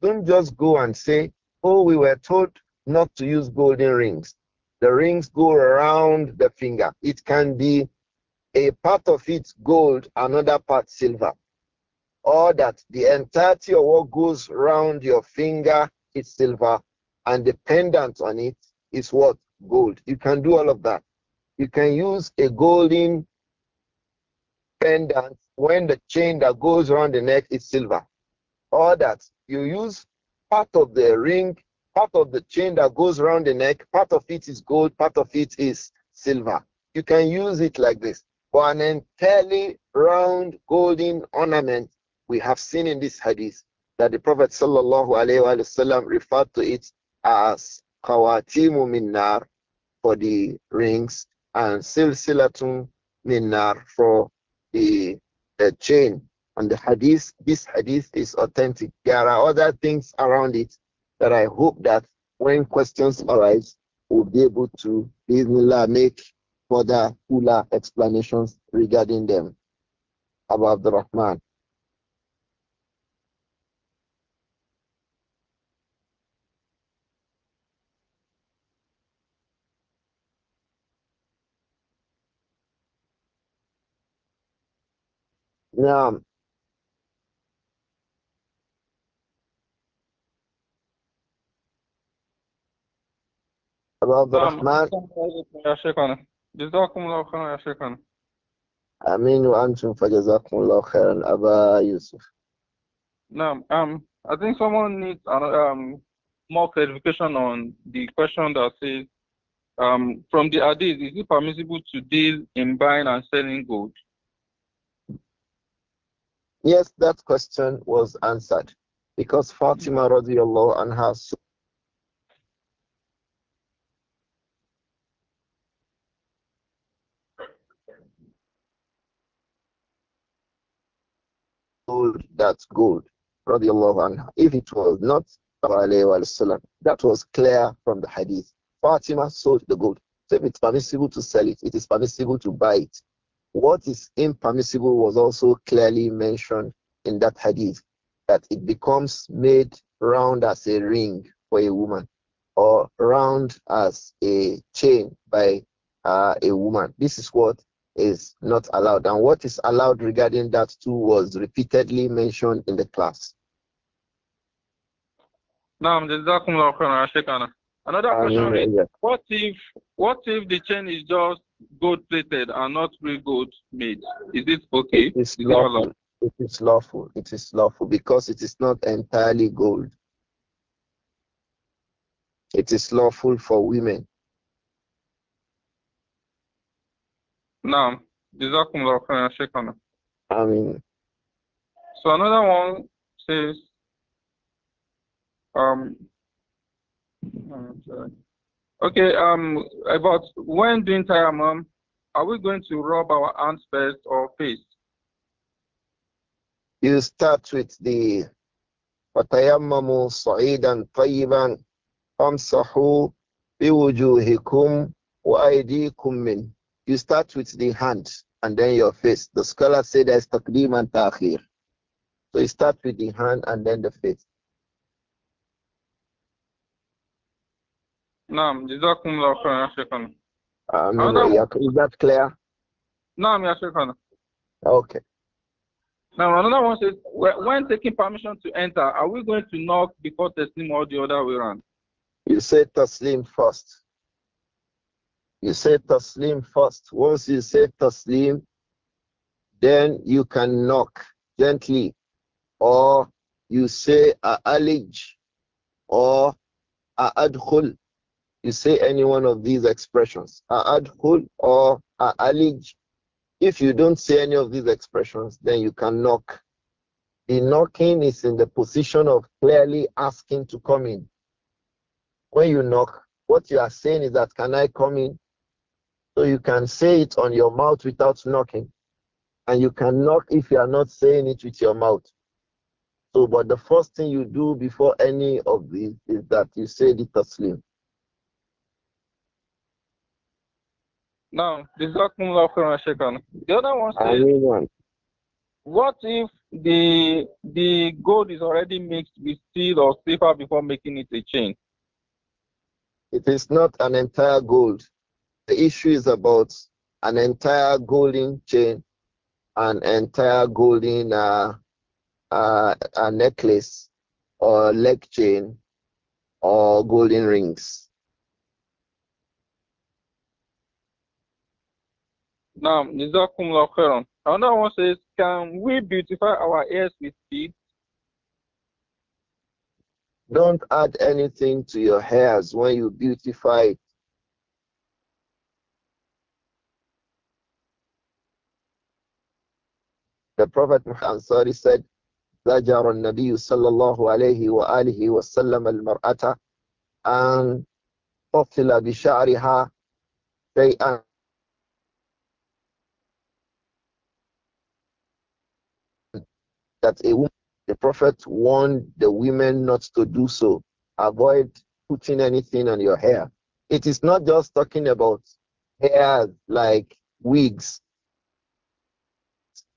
Don't just go and say, oh, we were told not to use golden rings. The rings go around the finger. It can be a part of it gold, another part silver. Or that the entirety of what goes around your finger is silver and the pendant on it is what? gold. You can do all of that. You can use a golden pendant when the chain that goes around the neck is silver. Or that you use part of the ring, part of the chain that goes around the neck, part of it is gold, part of it is silver. You can use it like this. For an entirely round golden ornament, we have seen in this hadith that the Prophet referred to it as Qawatimu minnar for the rings and silsilatun minnar for the, the chain. And the hadith, this hadith is authentic. There are other things around it that I hope that when questions arise, we'll be able to make further fuller explanations regarding them. the Rahman. Now, أبو um, I think someone needs um, more clarification on the question that says, um, from the hadith, is it permissible to deal in buying and selling gold? Yes, that question was answered because Fatima radiallahu anha sold that gold radiallahu anha. If it was not that was clear from the hadith. Fatima sold the gold. So if it's permissible to sell it, it is permissible to buy it. What is impermissible was also clearly mentioned in that hadith that it becomes made round as a ring for a woman or round as a chain by uh, a woman. This is what is not allowed. And what is allowed regarding that too was repeatedly mentioned in the class. Another question is what if what if the chain is just gold plated and not real gold made. Is it okay? It is, lawful. it is lawful. It is lawful because it is not entirely gold. It is lawful for women. Now, Jazakumullah khairan, I mean. So another one says, um, Okay, um, about when doing tayammum, are we going to rub our hands first or face? You start with the وتيمموا صعيدا طيبا فامسحوا بوجوهكم وأيديكم من You start with the hand and then your face. The scholar said there's takdim and ta'khir. So you start with the hand and then the face. نعم جزاكم الله خيرا يا شيخنا آمين وإياك is that clear نعم يا شيخنا okay now another one says when taking permission to enter are we going to knock before teslim or the other way around you say taslim first you say taslim first once you say taslim then you can knock gently or you say alij or adkhul you say any one of these expressions, adhul or alij. If you don't say any of these expressions, then you can knock. The knocking is in the position of clearly asking to come in. When you knock, what you are saying is that, can I come in? So you can say it on your mouth without knocking. And you can knock if you are not saying it with your mouth. So, but the first thing you do before any of these is that you say the taslim. Now, Jazakumullah khairan shaykhana. The other one says, what if the the gold is already mixed with steel or silver before making it a chain? It is not an entire gold. The issue is about an entire golden chain, an entire golden uh, uh, a necklace, or leg chain, or golden rings. Now, nizakum Khairan. Another one says, Can we beautify our ears with beads? Don't add anything to your hairs when you beautify it. The Prophet Muhammad sorry, said, زجر النبي صلى الله عليه وآله وسلم المرأة أن تطل بشعرها شيئا that a woman, the Prophet warned the women not to do so. Avoid putting anything on your hair. It is not just talking about hair like wigs.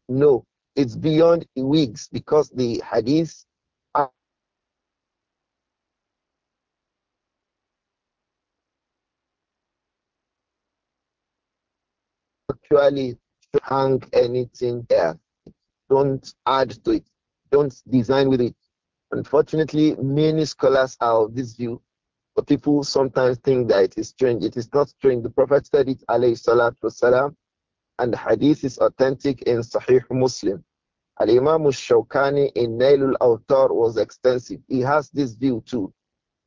No, it's beyond wigs because the hadith actually hang anything there don't add to it. Don't design with it. Unfortunately, many scholars are of this view, but people sometimes think that it is strange. It is not strange. The Prophet said it, alayhi salatu wasalam, and the hadith is authentic in Sahih Muslim. Al-Imam shawkani in Nailul Awtar was extensive. He has this view too.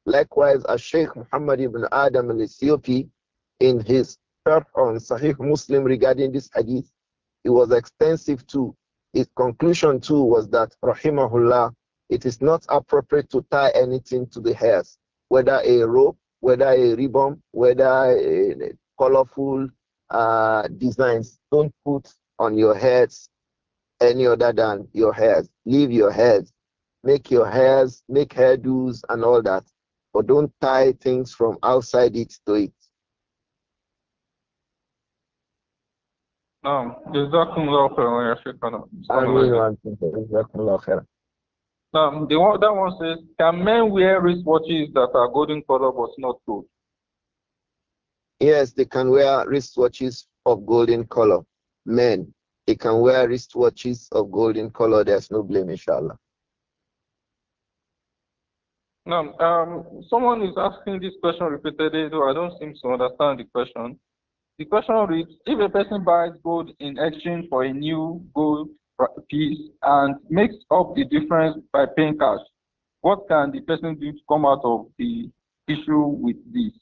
Likewise, as Sheikh Muhammad ibn Adam al-Ethiopi in his on Sahih Muslim regarding this hadith, it was extensive too. His conclusion too was that rahimahullah, it is not appropriate to tie anything to the hairs, whether a rope, whether a ribbon, whether a colorful uh, designs. Don't put on your heads any other than your hairs. Leave your hairs. Make your hairs, make hairdos and all that. But don't tie things from outside it to it. نعم جزاكم الله خيرا يا شيخنا آمين Now, the that one says, can men wear wristwatches that are golden color but not gold? Yes, they can wear wristwatches of golden color. Men, they can wear wristwatches of golden color. There's no blame, inshallah. Now, um, someone is asking this question repeatedly, though I don't seem to understand the question. The question reads, if a person buys gold in exchange for a new gold piece and makes up the difference by paying cash, what can the person do to come out of the issue with this?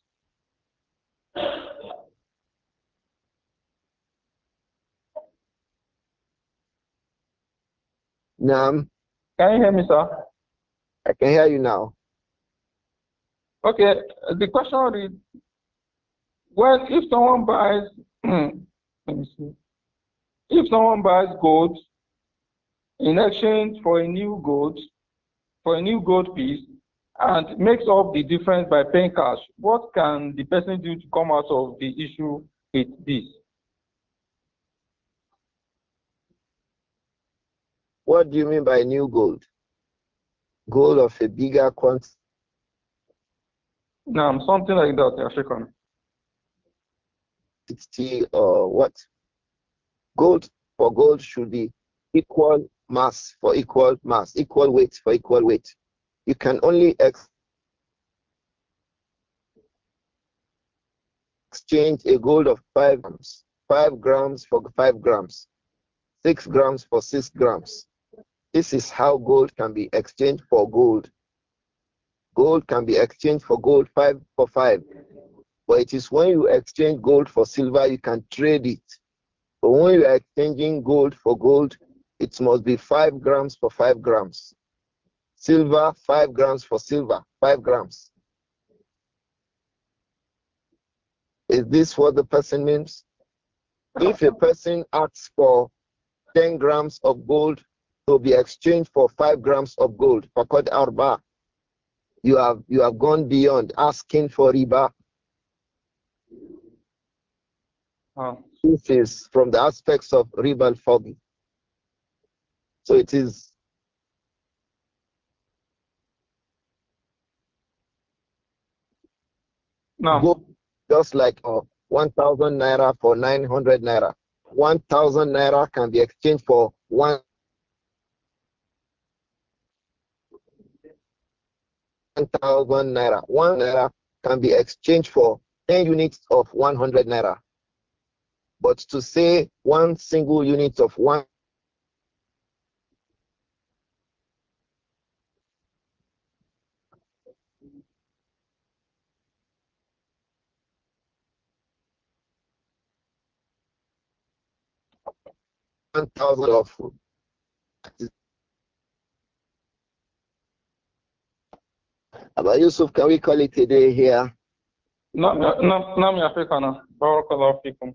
Nam. Can you hear me, sir? I can hear you now. Okay, the question reads well, if someone buys, *clears throat* let me see, if someone buys gold in exchange for a new gold, for a new gold piece, and makes up the difference by paying cash, what can the person do to come out of the issue with this? What do you mean by new gold? Gold of a bigger quantity? No, something like that, African. 60 or what? Gold for gold should be equal mass for equal mass, equal weight for equal weight. You can only ex exchange a gold of five grams, five grams for five grams, six grams for six grams. This is how gold can be exchanged for gold. Gold can be exchanged for gold five for five, but it is when you exchange gold for silver, you can trade it. But when you are exchanging gold for gold, it must be five grams for five grams. Silver, five grams for silver, five grams. Is this what the person means? If a person asks for 10 grams of gold to be exchanged for 5 grams of gold, Fakad Arba, you have, you have gone beyond asking for riba. sufis from the aspects of riba al-fadl. So it is No. just like uh, 1,000 naira for 900 naira. 1,000 naira can be exchanged for one. thousand naira. One naira can be exchanged for ten units of one hundred naira. But to say one single unit of one one thousand of Abba Yusuf, can we call it a day here? No, no, no, no. نعم يا شيخنا بارك الله فيكم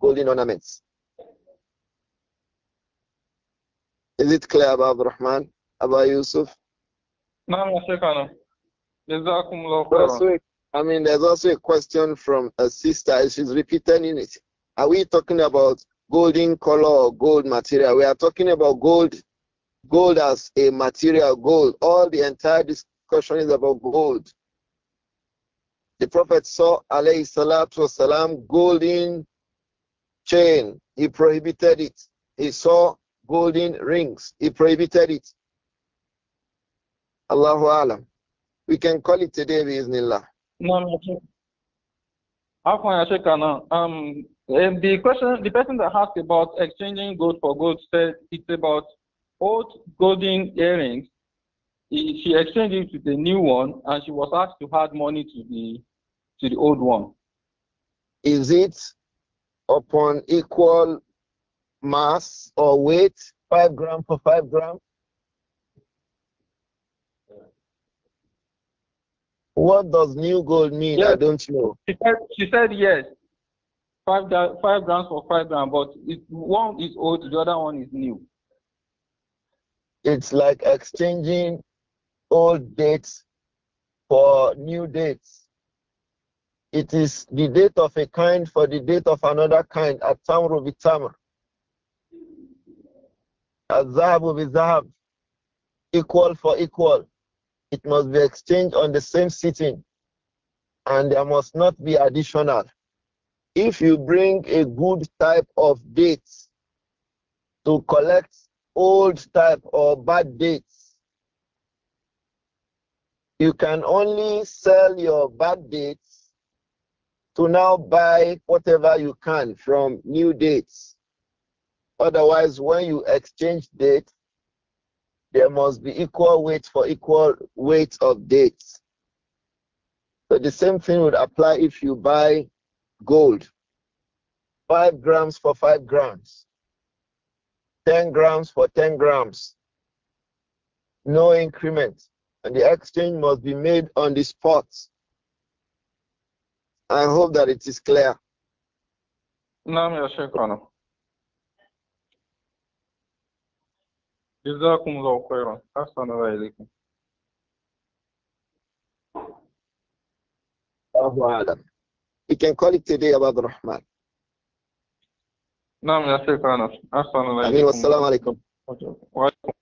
golden ornaments. Is it clear, Abu Rahman, about Yusuf? No, يا شيخنا جزاكم الله I mean, there's also a question from a sister. She's repeating it. Are we talking about golden color or gold material? We are talking about gold, gold as a material, gold. All the entire discussion is about gold. The Prophet saw, alayhi salatu wasalam, golden chain, he prohibited it. He saw golden rings, he prohibited it. Allahu Alam. We can call it today, Bismillah. No, no, uh, um, um, the question, the person that asked about exchanging gold for gold said it's about old golden earrings. She exchanged it with a new one, and she was asked to add money to the to the old one. Is it upon equal mass or weight, 5 gram for 5 gram? What does new gold mean? Yes. I don't know. She said, she said yes. Five, five grams for five grams, but it, one is old, the other one is new. It's like exchanging old dates for new dates. It is the date of a kind for the date of another kind. At-tamru bit-tamr. Al-zahabu bi-zahab. Equal for equal. It must be exchanged on the same sitting. And there must not be additional. If you bring a good type of dates to collect old type or bad dates, you can only sell your bad dates to now buy whatever you can from new dates. Otherwise, when you exchange dates, there must be equal weight for equal weight of dates. So the same thing would apply if you buy gold. Five grams for five grams. Ten grams for ten grams. No increment. And the exchange must be made on the spot. I hope that it is clear. نعم يا شيخنا. جزاكم الله خيرا. أحسن الله إليكم. الله أعلم. You can call it today about Rahman. نعم يا شيخنا. أحسن الله إليكم. والسلام عليكم. وعليكم